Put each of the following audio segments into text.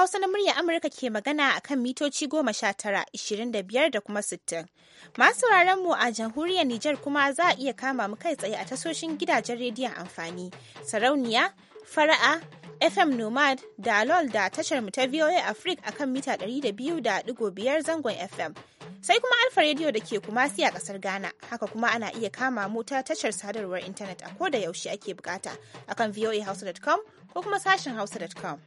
Hausa na murya Amurka ke magana a kan mitoci goma sha tara, ishirin da biyar da kuma sittin. Masu mu a jamhuriyar Nijar kuma za a iya kama mu kai tsaye a tasoshin gidajen rediyon amfani, sarauniya, fara'a, FM Nomad da LOL da tashar mu ta VOA Africa a kan mita ɗari da da biyu 200.5 zangon FM. Sai kuma Alfa Radio da ke kuma siya kasar Ghana, haka kuma ana iya kama mu ta tashar sadarwar intanet a da yaushe ake bukata a akan voahausa.com ko kuma sashen hausa.com.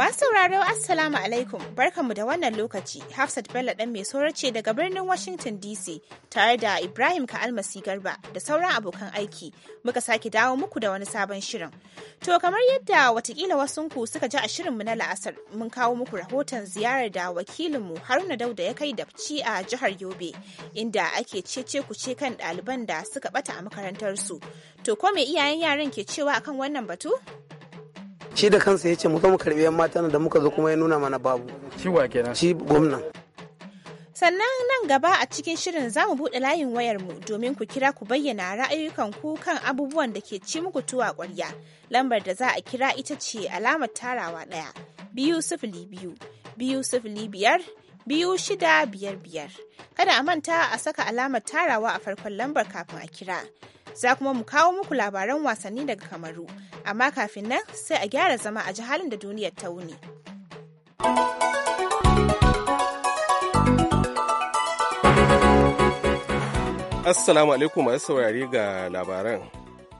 Masu sauraro Assalamu alaikum barkanmu da wannan lokaci Hafsat Bello ɗan mai saurar ce daga birnin Washington DC tare da Ibrahim Ka'almasi Garba da sauran abokan aiki muka sake dawo muku da wani sabon shirin. To kamar yadda watakila wasunku suka ji a shirinmu na la'asar mun kawo muku rahoton ziyarar da wakilinmu Haruna Dauda ya kai dabci a jihar Yobe inda ake cece ku ce kan ɗaliban da suka bata a makarantarsu. To ko me iyayen yaran ke cewa akan wannan batu? shi da kansa ya ce mu zo mu karbi yan mata da muka zo kuma ya nuna mana babu shi wa kenan shi gwamnan sannan nan gaba a cikin shirin za mu buɗe layin wayar mu domin ku kira ku bayyana ku kan abubuwan da ke ci muku tuwa ƙwarya lambar da za a kira ita ce alamar tarawa ɗaya biyu sifili biyu biyu sifili biyar biyu shida biyar biyar kada a manta a saka alamar tarawa a farkon lambar kafin a kira za kuma mu kawo muku labaran wasanni daga kamaru amma kafin nan sai a gyara zama a ji halin da duniyar ta wuni. Assalamu alaikum masu saurari ga labaran.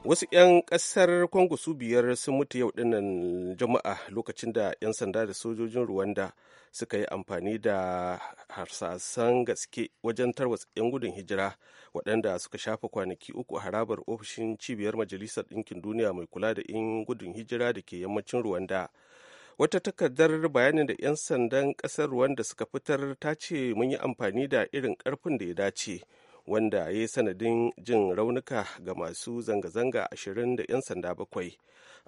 wasu 'yan kasar congo su biyar sun mutu yau dinnan jama'a lokacin da 'yan sanda da sojojin rwanda suka yi amfani da harsasan gaske wajen tarwatsa 'yan gudun hijira waɗanda suka shafa kwanaki uku a harabar ofishin cibiyar majalisar ɗinkin duniya mai kula da 'yan gudun hijira da ke yammacin rwanda wata takardar bayanin da 'yan sandan ƙasar rwanda suka fitar ta ce mun yi amfani da irin ƙarfin da ya dace wanda ya yi sanadin jin raunuka ga masu zanga-zanga ashirin da 'yan sanda bakwai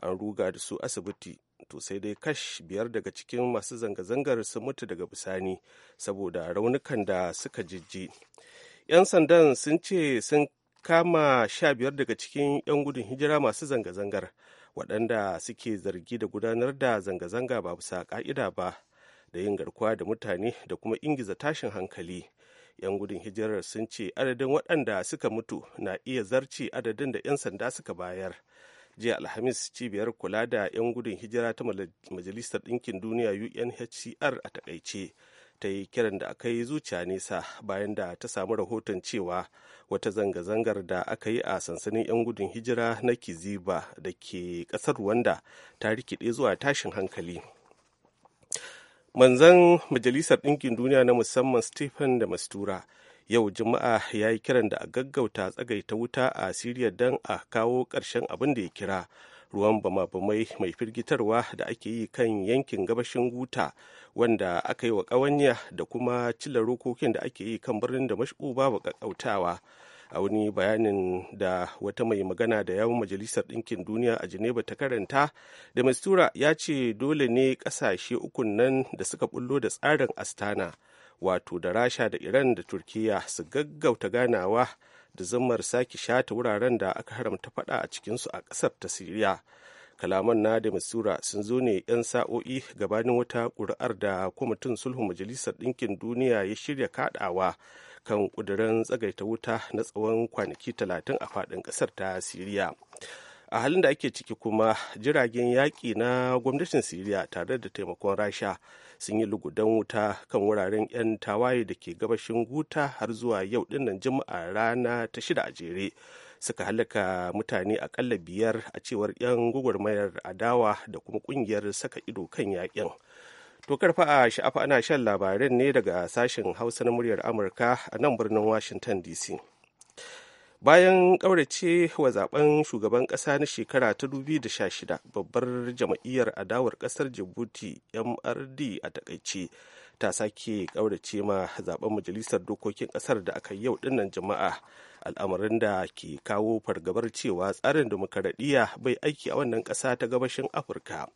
an ruga da su asibiti to sai dai kash biyar daga cikin masu zanga-zangar sun mutu daga bisani saboda raunukan da suka jijji 'yan sandan sun ce sun kama sha biyar daga cikin 'yan gudun hijira masu zanga-zangar waɗanda suke zargi da gudanar da zanga-zanga ba bisa ƙa'ida ba da yin garkuwa da mutane da kuma ingiza tashin hankali 'yan gudun hijirar sun ce adadin waɗanda suka mutu na iya zarce adadin da 'yan sanda suka bayar jiya alhamis cibiyar kula da 'yan gudun hijira ta majalisar ɗinkin duniya unhcr a takaice ta yi kiran da aka yi zuciya nesa bayan da ta samu rahoton cewa wata zanga-zangar da aka yi a sansanin 'yan gudun hijira na kiziba da ke ƙasar rwanda ta rikide zuwa tashin hankali manzan majalisar ɗinkin duniya na musamman stephen da mastura yau juma'a ya yi kiran da a gaggauta tsagaita wuta a siriya don a kawo ƙarshen abin da ya kira ruwan bama-bamai mai firgitarwa da ake yi kan yankin gabashin guta wanda aka yi wa ƙawanya da kuma cilla rokokin da ake yi kan birnin da mashu babu ƙaƙƙautawa a wani bayanin da wata mai magana da yawun majalisar ɗinkin duniya a geneva ta karanta da mistura ya ce dole ne ƙasashe ukun nan da suka bullo da tsarin astana wato da rasha da iran da turkiya su gaggauta ganawa da zammar sake shata wuraren da aka haramta faɗa a cikinsu a ƙasar ta siriya kalaman na da mistura sun zo ne 'yan sa'o'i gabanin wata ƙuri'ar da kwamitin sulhun majalisar ɗinkin duniya ya shirya kaɗawa kan ƙudurin tsagaita wuta na tsawon kwanaki talatin a faɗin ƙasar ta siriya a halin da ake ciki kuma jiragen yaƙi na gwamnatin siriya tare da taimakon rasha sun yi lugudan wuta kan wuraren 'yan tawaye da ke gabashin guta har zuwa yau dinnan juma'a rana ta shida a jere suka halaka mutane akalla biyar a cewar 'yan gwagwarmayar adawa da kuma kungiyar saka ido kan yaƙin To karfa a sha'afa ana shan labarin ne daga sashen Hausa na muryar Amurka a nan birnin Washington DC. Bayan ƙaurace wa zaben shugaban ƙasa na shekara ta 2016 babbar jam'iyyar adawar ƙasar Djibouti MRD a takaice ta sake ƙaurace ma zaben majalisar dokokin ƙasar da aka yau dinnan jama'a al'amarin da ke kawo fargabar cewa tsarin dimokuraɗiyya bai aiki a wannan ƙasa ta gabashin Afirka.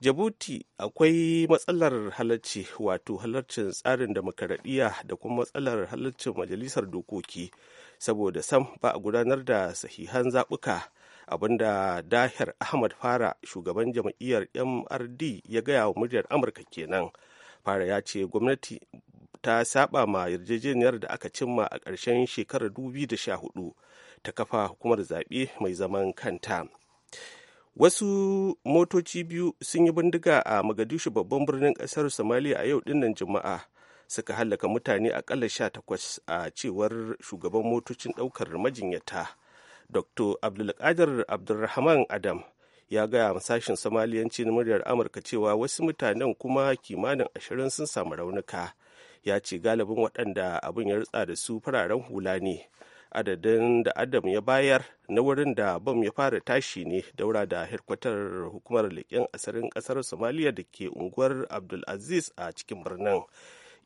Jabuti akwai matsalar halarci wato halarcin tsarin demokaradiyya da kuma matsalar halarcin majalisar dokoki saboda sam ba a gudanar da sahihan zaɓuka abinda dahir ahmad fara shugaban jam'iyyar mrd ya gaya wa muryar amurka kenan fara ya ce gwamnati ta saba ma yarjejeniyar da aka cimma a ƙarshen shekarar 2014 ta kafa hukumar zaɓe mai zaman kanta wasu motoci biyu sun yi bindiga a magadishu babban birnin kasar Somalia a yau dinnan juma'a suka hallaka mutane akalla sha takwas a cewar shugaban motocin daukar majinyata dr abdulkadir abdulrahman adam ya gaya wa sashen somaliyanci na muryar amurka cewa wasu mutanen kuma kimanin ashirin sun samu raunuka ya ce galibin waɗanda abin ya rutsa da su fararen hula ne adadin da adam ya bayar na wurin da bom ya fara tashi ne daura da hirkwatar hukumar leƙen asirin ƙasar somaliya da ke unguwar abdulaziz a cikin birnin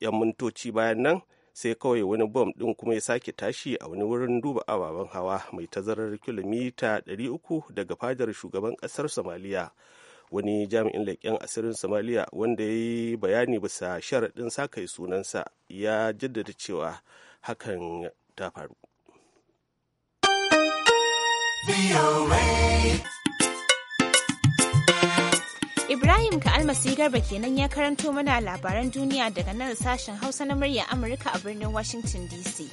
yan mintoci bayan nan sai kawai wani bom ɗin kuma ya sake tashi a wani wurin duba ababen hawa mai tazarar kilomita 300 daga fadar shugaban ƙasar somaliya wani jami'in leƙen asirin somaliya wanda ya yi bayani bisa sharaɗin kai sunansa ya jaddada cewa hakan ta faru Ibrahim Ka'almasi Garba kenan ya karanto mana labaran duniya daga nan sashen Hausa na murya Amurka a birnin Washington DC.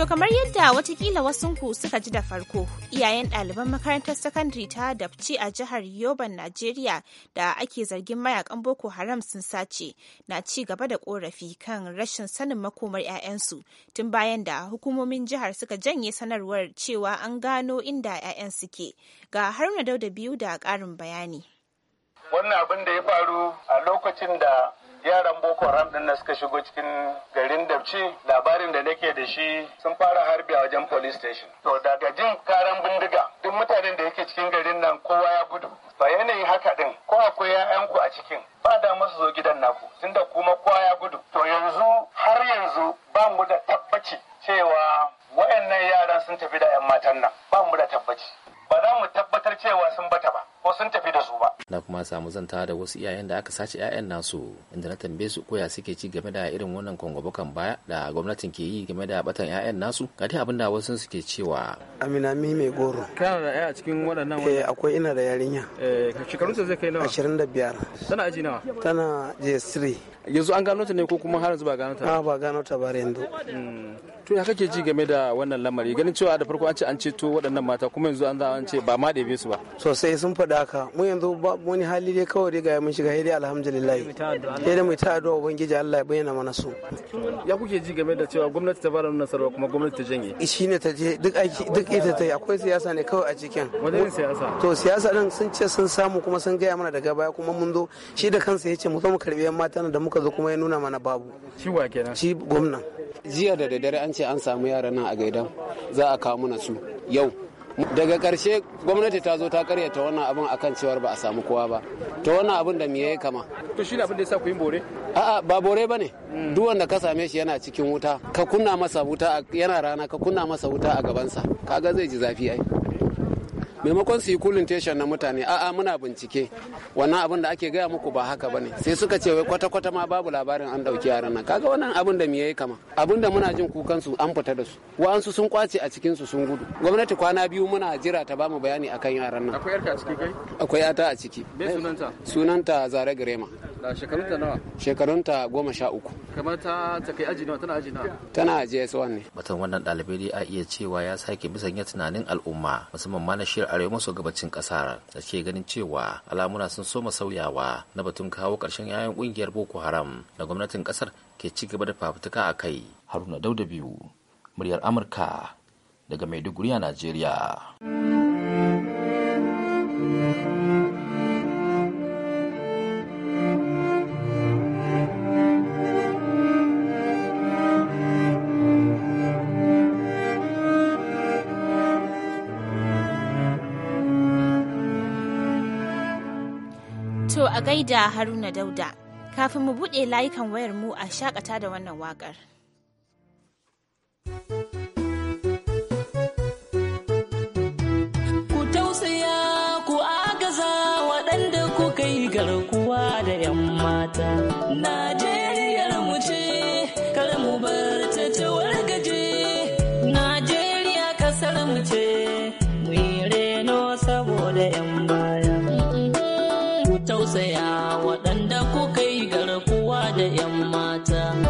To kamar yadda watakila wasunku suka ji da farko, iyayen ɗaliban makarantar sakandare ta Dabci a jihar Yoban, Najeriya da ake zargin mayakan Boko Haram sun sace na ci gaba da korafi kan rashin sanin makomar 'ya'yansu tun bayan da hukumomin jihar suka janye sanarwar cewa an gano inda 'ya'yan suke. Ga Haruna Dauda biyu da ƙarin bayani. Wannan abin da ya faru a lokacin da yaran boko haram din na suka shigo cikin garin dabci labarin da nake da shi sun fara harbi a wajen police station to daga jin karan bindiga duk mutanen da yake cikin garin nan kowa ya gudu ba yanayin haka din ko akwai 'ya'yanku a cikin ba da masu zo gidan naku tunda kuma kowa ya gudu to yanzu har yanzu ba mu da tabbaci cewa wayannan yaran sun tafi da 'yan matan nan ba mu da tabbaci ba za mu tabbatar cewa sun bata ba ko sun tafi da su ba. Na kuma samu zanta da wasu iyayen da aka sace 'ya'yan nasu inda na tambaye su koya suke ci game da irin wannan kwangwabukan baya da gwamnatin ke yi game da batan 'ya'yan nasu ga dai abin da wasu suke cewa. Amina mi mai goro. Kana da 'ya a cikin waɗannan wani? Eh akwai ina da yarinya. Eh shekarun ta zai kai nawa? Ashirin da biyar. Tana aji nawa? Tana JS3. Yanzu an gano ta ne ko kuma har yanzu ba ah, gano ta? ba gano ta ba yanzu. Hmm. To ya kake ji game da wannan lamari ganin cewa da farko an ce an ceto waɗannan mata kuma yanzu an za an ce ba ma ɗebe su ba. Sosai sun faɗi saboda haka mu yanzu ba wani hali dai kawai dai ga mun shiga hidi alhamdulillah sai da mu ta addu'a ubangiji Allah ya bayyana mana su ya kuke ji game da cewa gwamnati ta fara nuna sarwa kuma gwamnati ta janye ne ta je duk aiki duk ita ta yi akwai siyasa ne kawai a cikin wajen siyasa to siyasa din sun ce sun samu kuma sun gaya mana daga baya kuma mun zo shi da kansa ya ce mu zo mu karbi yan matan da muka zo kuma ya nuna mana babu shi wa kenan shi gwamnan jiya da daddare an ce an samu yaran nan a gaidan za a kawo mana su yau daga karshe gwamnati ta zo ta karyata wannan abin akan cewar ba a samu kowa ba to wannan abin da me ya kama to shine abin da yasa ku kuyin bore a'a ba bore bane mm. duk wanda ka same shi yana cikin wuta ka kunna masa wuta yana rana ka kunna masa wuta a gabansa kaga zai ji zafi ai maimakon su yi kulin teshan na mutane a'a muna bincike wannan abin da ake gaya muku ba haka bane sai suka ce wai kwata kwata ma babu labarin an dauki yaran nan kaga wannan abin da miye kama abin da muna jin kukan su an fita da su wa'ansu sun kwace a cikin su sun gudu gwamnati kwana biyu muna jira ta bamu bayani akan yaran nan akwai yarka a ciki kai akwai yata a ciki sunanta sunanta zare girema Da shekarunta nawa? Shekarunta goma sha uku. Kamar ta ta kai aji tana aji nawa? Tana aji ya tsawon ne. batun wannan dalibai dai a iya cewa ya sake bisanya tunanin al'umma musamman ma na shiyar arewa maso gabacin kasar da ke ganin cewa alamuna sun soma sauyawa na batun kawo karshen 'ya'yan ƙungiyar Boko Haram da gwamnatin kasar ke ci gaba da fafutuka a kai. Haruna Dauda biyu, muryar Amurka daga Maiduguri a Najeriya. gaida haruna dauda kafin mu buɗe layukan wayar mu a shakata da wannan waƙar. mata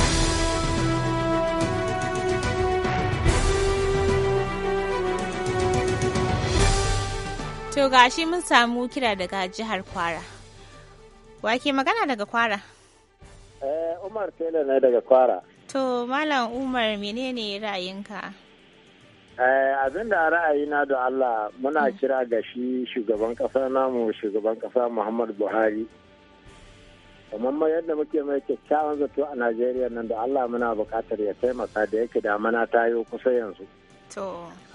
To gashi mun samu kira daga jihar Kwara. Wake magana daga Kwara? Eh, Umar Taylor ne daga Kwara. To, Malam Umar menene ra'ayinka? Eh, abin da ra'ayina da Allah muna mm. kira ga shi shugaban kasa namu shugaban kasa Muhammadu Buhari. Kamar yadda muke mai kyakkyawan zato a Najeriya nan da Allah muna bukatar ya taimaka da yake da mana tayo kusa yanzu.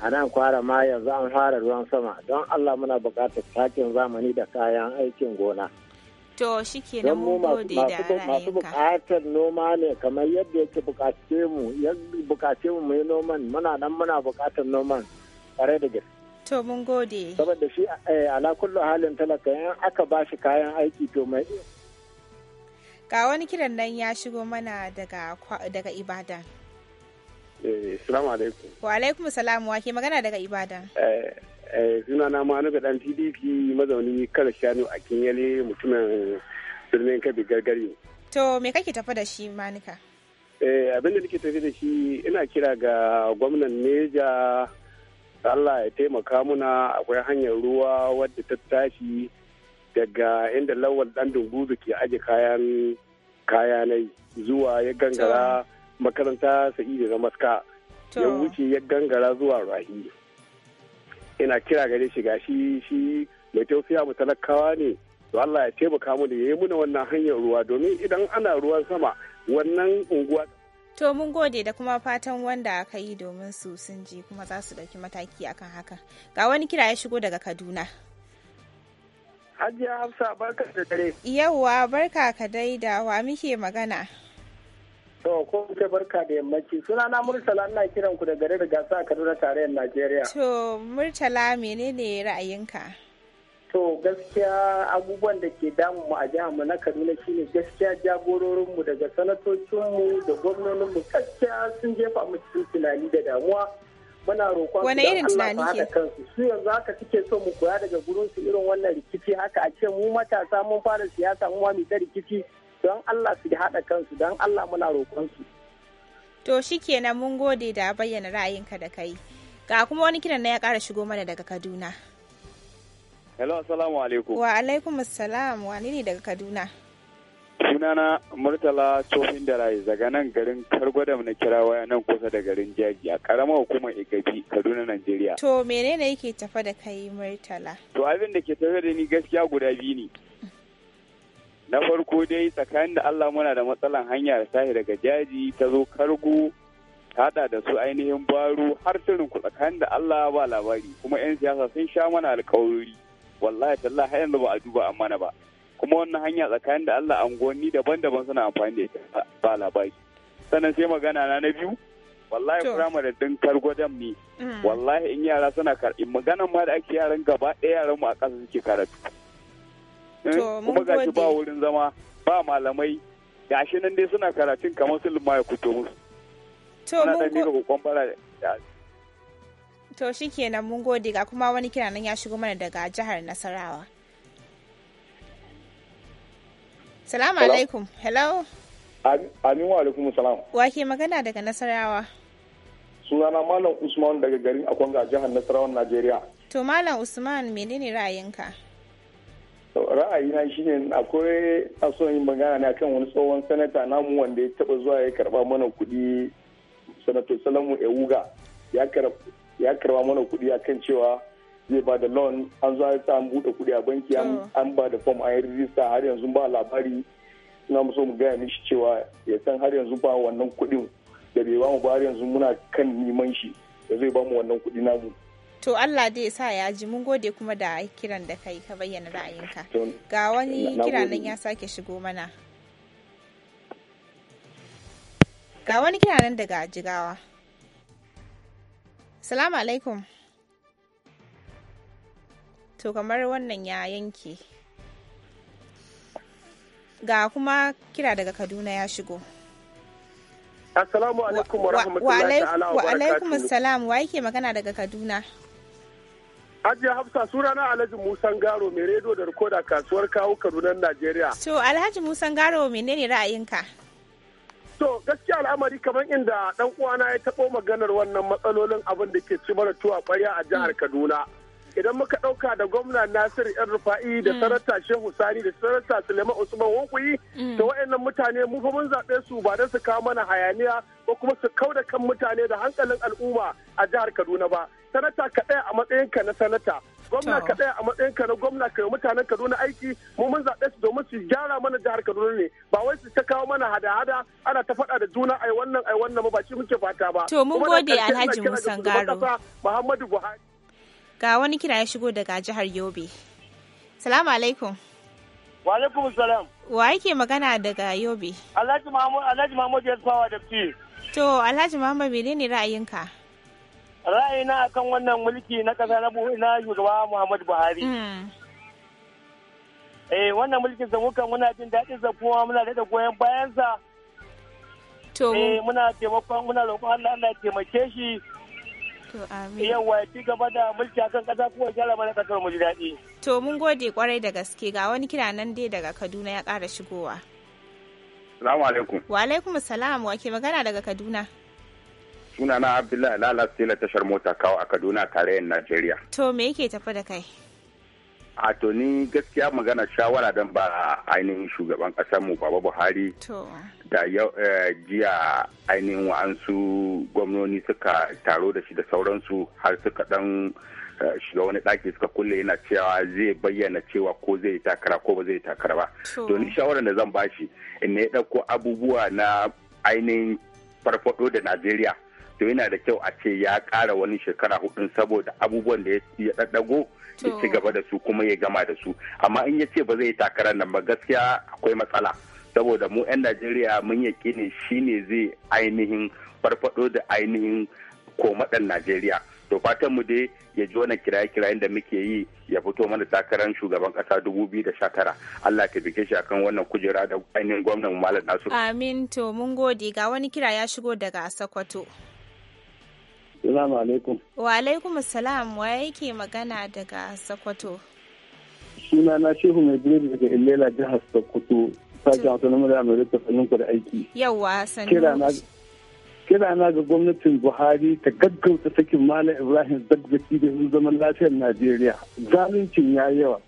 A nan kwara ma yanzu an fara ruwan sama don Allah muna buƙatar takin zamani da kayan aikin gona. To shi ke nan mu gode da Masu buƙatar noma ne kamar yadda yake buƙace mu, yadda buƙace mu mai noman muna nan muna buƙatar noman ƙwarai da gaske. To mun gode. Saboda shi eh, ala kullu halin talaka in aka ba shi kayan aiki to mai Ga wani kiran nan ya shigo mana daga Ibadan. Eh, Salamu alaikum. Wa alaikum salam wa ke magana daga Ibadan. Eh, eh, Suna na manu ga dan PDP mazauni kala shanu a kinyale mutumin birnin Kabi gargari. To me kake tafi da shi manuka? Abin da nake tafi da shi ina kira ga gwamnan Neja Allah ya taimaka muna akwai hanyar ruwa wadda ta tashi daga inda lawal dan dunguzu ke aje kayan kayanai zuwa ya gangara. makaranta sa'idu na maska ya wuce ya gangara zuwa rahi ina kira gare shi shi mai tausaya mu talakawa ne to Allah ya taimaka mu da yayi muna wannan hanyar ruwa domin idan ana ruwan sama wannan unguwa To mun gode da kuma fatan wanda aka yi domin su sun ji kuma za su ɗauki mataki akan haka. Ga wani kira ya shigo daga Kaduna. Hajiya Hafsa barka da dare. Yauwa barka ka daidawa wa muke magana. To, ko ce barka da yammaci. Sunana Murtala ina kiran ku da garin gasa a Kaduna tarayyar Najeriya. To, Murtala menene ra'ayinka? To, gaskiya abubuwan da ke damu a jihar na Kaduna shine gaskiya jagororin mu daga sanatocin da gwamnonin mu gaskiya sun jefa mu cikin tunani da damuwa. Muna roƙon Wane allah tunani Kansu. Su yanzu haka suke so mu koya daga gurin su irin wannan rikici haka a ce mu matasa mun fara siyasa mu ma mu ta rikici don Allah su haɗa kansu don Allah muna roƙonsu. To shi kenan mun gode da bayyana ra'ayinka da kai. Ga kuma wani kiran na ya ƙara shigo mana daga Kaduna. Hello, assalamu alaikum. Wa alaikum assalam, wani ne daga Kaduna? Sunana Murtala Tsohon Daraye daga nan garin Kargwadam na kira waya nan kusa da garin Jaji a ƙaramar hukumar Igabi, Kaduna, Najeriya. To menene yake tafa da kai Murtala? To abin da ke tafe da ni gaskiya guda biyu ne. na farko dai tsakanin da Allah muna da matsalan hanya da tahi daga jaji ta zo kargo hada da su ainihin baro har turin ku tsakanin da Allah ba labari kuma 'yan siyasa sun sha mana alkawari wallahi tallahi har yanzu ba a duba amana ba kuma wannan hanya tsakanin da Allah angonni daban-daban suna amfani da ita ba labari sannan sai magana na na biyu wallahi firamare din dam ne mm. wallahi in yara suna karɓi maganan ma da ake yaran gaba ɗaya yaran mu a ƙasa suke karatu Eh, kuma ga ba wurin zama ba malamai gashi nan dai suna karatun kamar su lumaya kuto musu to mun to shikenan mun gode ga kuma wani kira nan ya shigo mana daga jihar Nasarawa Salamu alaikum. Hello. Amin wa alaikum salam. Wa ke magana daga Nasarawa? Sunana Malam Usman daga garin Akwanga jihar Nasarawa Najeriya. To Malam Usman menene ra'ayinka? ra'ayi na shine akwai a son yin magana ne akan wani tsohon sanata namu wanda ya taba zuwa ya karba mana kuɗi sanato salamu ewuga ya karba mana kuɗi akan cewa zai ba da loan an zuwa ta an buɗe kuɗi a banki hmm. an ba da form an yi rijista har yanzu ba labari na so mu gaya mishi cewa ya san har yanzu ba wannan kuɗin da bai ba mu ba har yanzu muna kan neman shi da zai ba mu wannan kuɗi namu to Allah dai sa ya ji mun gode kuma da kiran da kai ka bayyana ra'ayinka ga wani kira nan ya sake shigo mana ga wani kira nan daga jigawa salamu alaikum to kamar wannan ya yanke ga kuma kira daga kaduna ya shigo assalamu alaikum wa rahmatullahi wa alaikum assalam wa yake magana daga kaduna Hajiya Hafsa sunana Alhaji Musan Garo mai rediyo da rikoda kasuwar kawo kadunan Najeriya. To Alhaji Musan Garo menene ra'ayinka? To gaskiya al'amari kamar inda dan uwana ya taɓo maganar wannan matsalolin abin da ke ci mara tuwa ƙwarya a jihar mm. Kaduna. idan muka ɗauka da gwamna Nasiru yan rufa'i da mm. sarata shehu sani da sarata suleiman usman wankuyi mm. da waɗannan mutane mun fa mun zaɓe su ba don su kawo mana hayaniya ko kuma su kau da kan mutane da hankalin al'umma a jihar kaduna ba sanata ka ɗaya a matsayinka na sanata gwamna ka ɗaya a matsayinka na gwamna ka mutanen kaduna aiki mun mun zaɓe su domin su gyara mana jihar kaduna ne ba wai su ta kawo mana hada-hada ana ta faɗa da juna ai wannan ai wannan ba shi muke fata ba to mun gode alhaji musan garo muhammadu buhari Ga wani kira ya shigo daga jihar Yobe. Salamu alaikum. Wa alaikum salam. Wa yake magana daga Yobe? Alhaji Mahmud Alhaji Mahmud ya tsawa da fi. To Alhaji Mahmud ne ra'ayinka? Ra'ayina akan wannan mulki na kasa na na shugaba Muhammadu Buhari. Hmm. Eh wannan mulkin sa muka muna jin daɗin sa kuma muna da goyon bayansa. To eh muna taimakon muna roƙon Allah Allah ya taimake shi. yawa ci gaba da mulki akan kasa kuma gyara mana kasar mu ji daɗi. To mun gode kwarai da gaske ga wani kira nan dai daga Kaduna ya ƙara shigowa. Salamu alaikum. Wa alaikum salam wa ke magana daga Kaduna. Sunana Abdullahi Lala Sila tashar mota kawo a Kaduna tarayyar Najeriya. To me yake tafi da kai? a to gaskiya magana shawara don ba ainihin shugaban mu baba buhari da eh, jiya ainihin wa'ansu gwamnoni suka taro da shi da sauransu har suka dan eh, shiga wani ɗaki suka kulle yana cewa zai bayyana cewa ko zai yi takara ko ba zai yi takara ba to ni shawarar da zan bashi in ya ɗauko abubuwa na ainihin farfado da najeriya to yana da kyau a ce ya kara wani shekara hudun saboda abubuwan da ya ɗaɗɗago ya ci gaba da su kuma ya gama da su amma in ya ce ba zai yi takarar nan ba gaskiya akwai matsala saboda mu 'yan najeriya mun yaƙi ne shine zai ainihin farfado da ainihin komaɗan najeriya to fatan mu dai ya ji wannan kiraye-kirayen da muke yi ya fito mana takarar shugaban kasa 2019 Allah ta bike shi akan wannan kujera da ainihin gwamnan malam nasu amin to mun gode ga wani kira ya shigo daga sokoto Assalamu alaikum. Wa alaikum assalam wa yake magana daga Sokoto. Suna na Shehu Mai Biredi daga Ilela jihar Sokoto. Sashen Autonomy da Amerika sannan ku da aiki. Yawwa sannan. Kira na ga gwamnatin Buhari ta gaggauta sakin Malam Ibrahim Zagbati da zaman lafiyar Najeriya. Zaluncin ya yawa.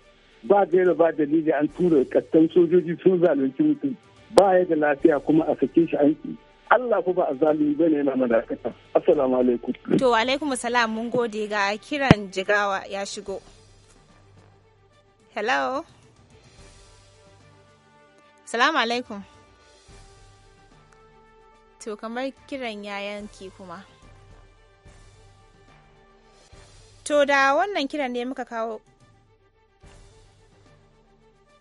Ba gaira ba dalili an tura kattan sojoji sun zalunci mutum. Ba ya da lafiya kuma a sake shi aiki. Allah ku ba a zalimi bane yana madakata. Assalamu alaikum. To alaikum salam mun gode ga kiran jigawa ya shigo. Hello. Assalamu alaikum. To kamar kiran yayanki kuma. To da wannan kiran ne muka kawo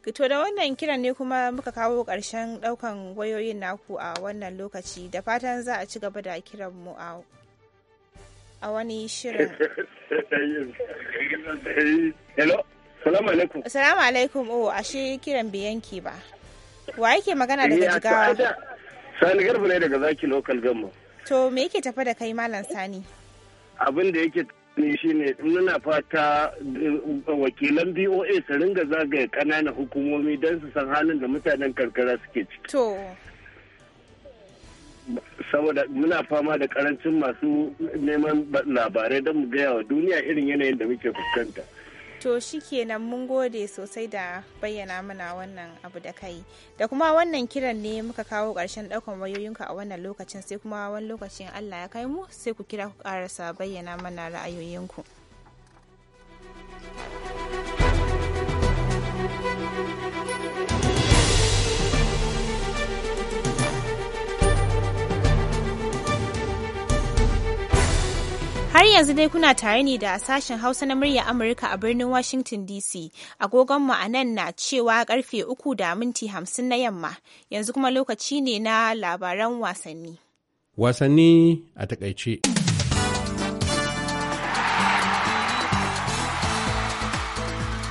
To da wannan kiran ne kuma muka kawo ƙarshen ɗaukan wayoyin naku a wannan lokaci da fatan za a ci gaba da kiran mu a wani shirin. Hello, salamu alaikum. Salamu alaikum, o oh, ashe kiran biyanki ba. Wa yake magana daga eh, jigawa? Sani Garba ne daga zaki lokal gamma. To me yake tafa da kai malam Sani? Abin da yake ne muna fata eh, wakilan boa su ringa zagaya ƙananan hukumomi don su san halin da mutanen karkara suke ciki saboda muna fama da karancin masu neman labarai don mu gaya wa duniya irin yanayin da muke fuskanta to shikenan mun gode sosai da bayyana mana wannan abu da kai da kuma wannan kiran ne muka kawo ƙarshen ɗaukan wayoyinka a wannan lokacin sai kuma wani lokacin allah ya kai mu sai ku kira ku ƙarasa bayyana mana ra'ayoyinku Har yanzu dai kuna tare ne da sashen Hausa na murya Amurka a birnin Washington DC. Agogonmu a nan na cewa karfe uku da minti hamsin na yamma. Yanzu kuma lokaci ne na labaran wasanni. Wasanni a takaice.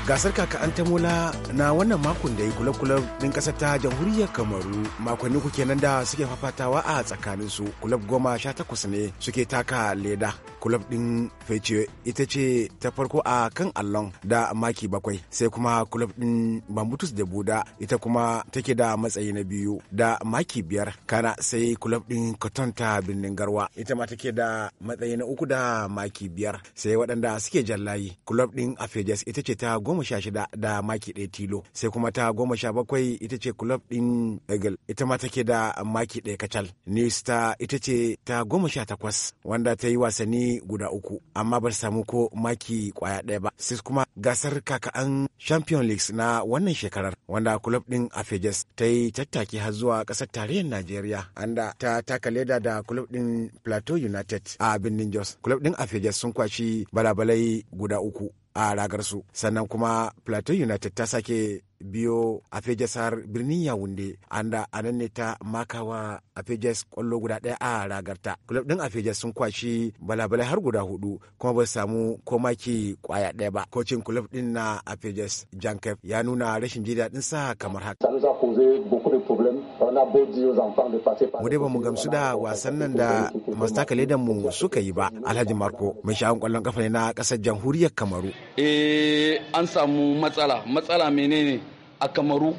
gasar kaka an tamola na wannan makon da ya kula kula din kasar ta jamhuriyar kamaru makonni kuke nan da suke fafatawa a tsakanin su kulab goma sha takwas ne suke taka leda kulab ɗin fece ita ce ta farko a kan allon da maki bakwai sai kuma kulab ɗin bambutus da buda ita kuma take da matsayi na biyu da maki biyar kana sai kulab ɗin cotton ta birnin garwa ita ma take da matsayi na uku da maki biyar sai waɗanda suke jallayi kulab ɗin afejas ita ce ta goma sha shida da maki ɗaya tilo sai kuma ta goma sha bakwai ita ce kulab ɗin egel. ita ma take da maki ɗaya kacal ni star ita ce ta goma sha takwas wanda ta yi wasanni guda uku amma ba samu ko maki kwaya ɗaya ba sai kuma gasar kaka'an champion leagues na wannan shekarar wanda club din afejes ta yi tattaki har zuwa ƙasar tarihin najeriya anda ta taka leda da club din plateau united a birnin jos club din afejes sun kwashi balabalai guda uku a ragarsu sannan kuma plateau united ta sake biyo a har birnin yawunde anda a ne ta makawa a kwallo guda daya a ragarta club din a sun kwashi balabalai har guda hudu kuma ba samu ko maki kwaya ɗaya ba kocin club din na a jankef ya nuna rashin ji daɗin sa kamar haka mu dai ba mu gamsu da wasan nan da mastaka ledan mu suka yi ba alhaji marko mai sha'an kwallon kafa ne na kasar jamhuriyar kamaru Eh, an samu matsala matsala menene a kamaru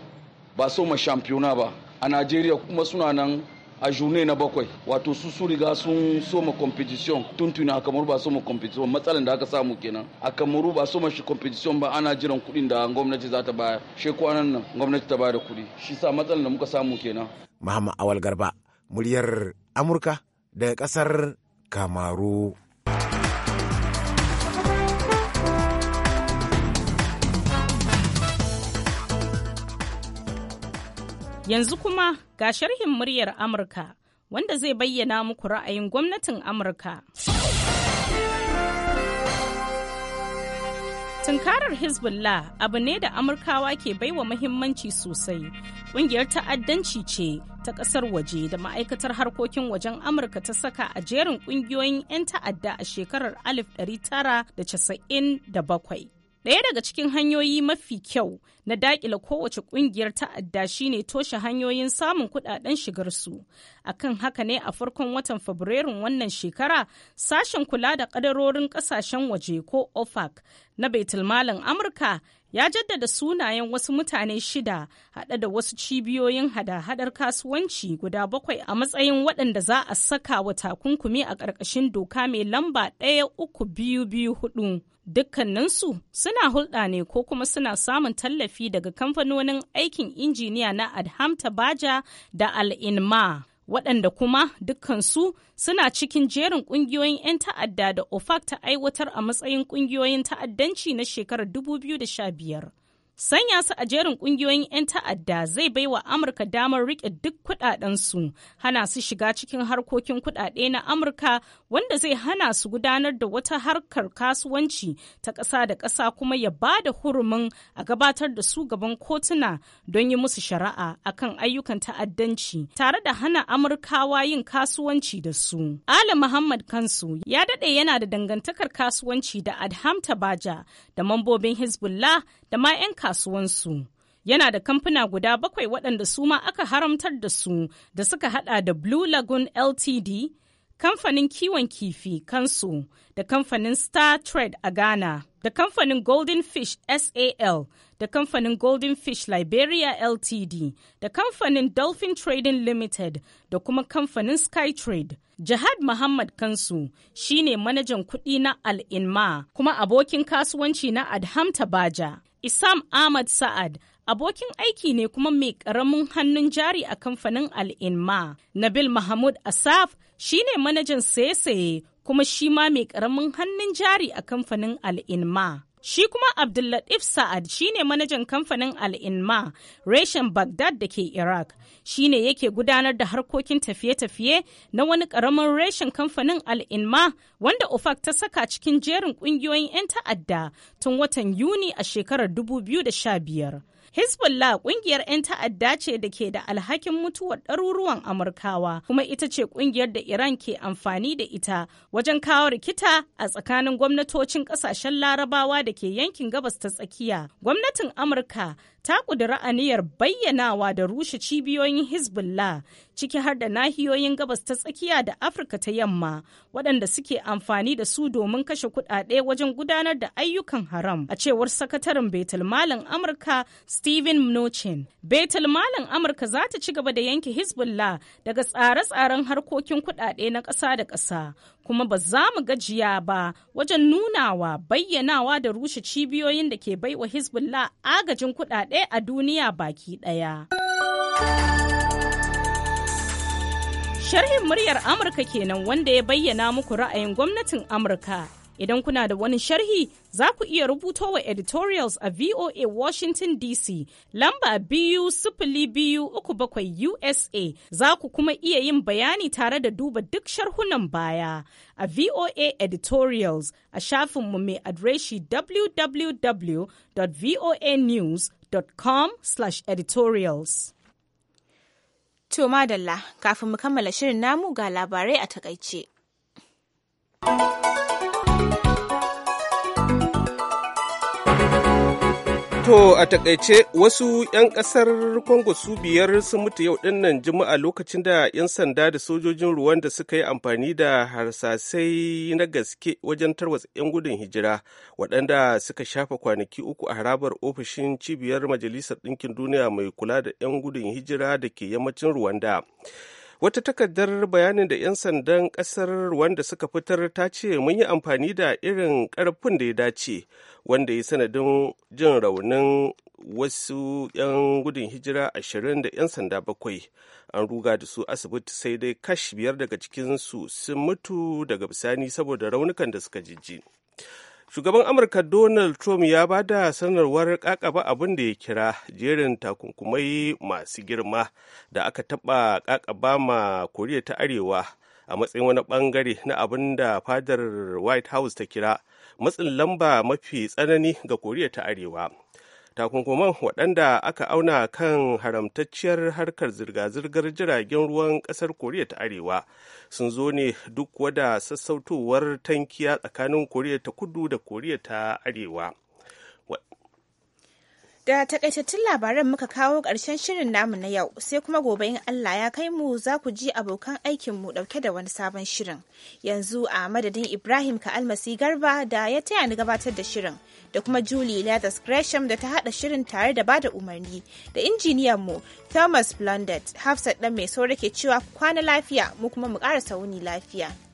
ba so ma shampiyona ba a najeriya kuma suna nan a june na bakwai wato su su riga sun soma competition tuntuni a kamaru ba soma competition matsalan da aka samu kenan a kamaru ba soma shi competition ba ana jiran kudin da gwamnati za ta baya she kwanan nan gwamnati ta baya da kuɗi shi sa matsalan da muka samu kenan Muhammad Awal Garba muryar Amurka daga ƙasar Kamaru Yanzu kuma ga sharhin muryar Amurka wanda zai bayyana muku ra'ayin gwamnatin Amurka. Tunkarar Hezbollah abu ne da Amurkawa ke baiwa muhimmanci sosai. Ƙungiyar ta'addanci ce ta ƙasar waje da ma'aikatar harkokin wajen Amurka ta saka a jerin ƙungiyoyin 'yan ta'adda a shekarar 1997. daya daga cikin hanyoyi mafi kyau na daƙila kowace ƙungiyar ta'adda shi ne toshe hanyoyin samun kuɗaɗen shigarsu. Akan haka ne a farkon watan Fabrairun wannan shekara, sashen kula da ƙadarorin ƙasashen waje ko OFAC na Baitulmalin Amurka ya jaddada sunayen wasu mutane shida hada da wasu cibiyoyin hada-hadar kasuwanci guda bakwai a matsayin waɗanda za a saka wa takunkumi a ƙarƙashin doka mai lamba ɗaya uku biyu biyu hudu dukkaninsu suna hulɗa ne ko kuma suna samun tallafi daga kamfanonin aikin injiniya na adhamta baja da al'inma waɗanda kuma dukkansu suna cikin jerin ƙungiyoyin 'yan ta'adda da ofak ta aiwatar a matsayin ƙungiyoyin ta'addanci na shekarar 2015. Sanya su a jerin kungiyoyin 'yan ta'adda zai bai wa Amurka damar rike duk su hana su shiga cikin harkokin kudade na Amurka wanda zai hana su gudanar da wata harkar kasuwanci ta ƙasa da ƙasa kuma ya ba da hurumin a gabatar da su gaban kotuna don yi musu shari'a akan ayyukan ta'addanci tare da hana Amurkawa yin kasuwanci da su. Ali Muhammad Kansu ya daɗe yana da dangantakar kasuwanci da Adham Tabaja da mambobin Hezbollah da ma 'yan kasuwansu. Yana da kamfuna guda bakwai waɗanda su ma aka haramtar da su da suka hada da Blue Lagoon LTD, kamfanin kiwon kifi kansu da kamfanin Star Trade a Ghana, da kamfanin Golden Fish SAL, da kamfanin Golden Fish Liberia LTD, da kamfanin Dolphin Trading Limited da kuma kamfanin Sky Trade. Jihad Muhammad Kansu shine manajan kuɗi na Al'inma kuma abokin kasuwanci na adhamta Baja. Isam Ahmad Sa'ad abokin aiki ne kuma mai ƙaramin hannun jari a kamfanin Al'inma. Nabil Mahmud Asaf shi ne manajan saye-saye kuma shi ma mai ƙaramin hannun jari a kamfanin Al'inma. Shi kuma Abdullatif Sa'ad shi ne manajan kamfanin Al'inma reshen Baghdad da ke Iraq. Shi ne yake gudanar da harkokin tafiye-tafiye na wani ƙaramin reshen kamfanin Al'inma wanda OFAC ta saka cikin jerin ƙungiyoyin 'yan ta'adda tun watan Yuni a shekarar 2015. Hezbollah kungiyar 'yan ta'adda ce da ke da alhakin mutuwar ɗaruruwan Amurkawa kuma ita ce kungiyar da Iran ke amfani da ita wajen kawo rikita a tsakanin gwamnatocin ƙasashen larabawa da ke yankin gabas ta tsakiya. Gwamnatin Amurka ta ƙudura aniyar bayyanawa da rushe cibiyoyin Hezbollah ciki har da nahiyoyin gabas ta tsakiya da Afirka ta yamma waɗanda suke amfani da su domin kashe kuɗaɗe wajen gudanar da ayyukan haram a cewar sakataren Malam Amurka Steven Mnuchin. Betel malam Amurka za ta ci gaba da yanke Hezbollah daga tsare-tsaren harkokin kuɗaɗe na ƙasa da ƙasa, kuma ba za mu gajiya ba wajen nunawa, bayyanawa da rushe cibiyoyin da ke baiwa Hezbollah agajin kuɗaɗe a duniya baki ɗaya. Sharhin muryar Amurka kenan wanda ya bayyana muku ra'ayin gwamnatin Amurka Idan kuna da wani sharhi za ku iya rubuto wa editorials a VOA Washington DC lamba biyu sifili biyu uku bakwai USA za ku kuma iya yin bayani tare da duba duk sharhunan baya a VOA editorials a mu mai adreshi www.voanews.com/editorials. To madalla kafin mu kammala shirin namu ga labarai a takaice. To a takaice wasu 'yan kasar Congo su biyar sun mutu yau dinnan juma'a lokacin da 'yan sanda da sojojin ruwan da suka yi amfani da harsasai na gaske wajen tarwatsa 'yan gudun hijira waɗanda suka shafa kwanaki uku a harabar ofishin cibiyar Majalisar Ɗinkin Duniya mai kula da 'yan gudun hijira da ke yammacin Ruwanda. wata takardar bayanin da 'yan sandan ƙasar wanda suka fitar ta ce mun yi amfani da irin karfin da ya dace wanda ya sanadin jin raunin wasu 'yan gudun hijira ashirin da 'yan sanda bakwai an ruga da su asibiti sai dai kash biyar daga cikinsu sun mutu daga bisani saboda raunukan da suka jijji. shugaban amurka donald trump ya ba da sanarwar kakaba abin da ya kira jerin takunkumai masu girma da aka taba kakaba ma koriya ta arewa a matsayin wani bangare na abin da fadar white house ta kira matsin lamba mafi tsanani ga koriya ta arewa takunkuman waɗanda aka auna kan haramtacciyar harkar zirga-zirgar jiragen ruwan ƙasar koriya ta arewa sun zo ne duk wada sassautowar tankiya tsakanin koriya ta kudu da koriya ta arewa Da takaitattun labaran muka kawo ƙarshen shirin namu na yau, sai kuma gobe in Allah ya kai mu za ku ji abokan aikinmu ɗauke da wani sabon shirin. Yanzu a madadin Ibrahim ka almasi Garba da ya taya ni gabatar da shirin, da kuma Julie Leathers Gresham da ta haɗa shirin tare da bada umarni, da injiniyan mu Thomas Blundet, Hafsat ɗan mai saurake cewa kwana lafiya, mu kuma mu ƙara sauni lafiya.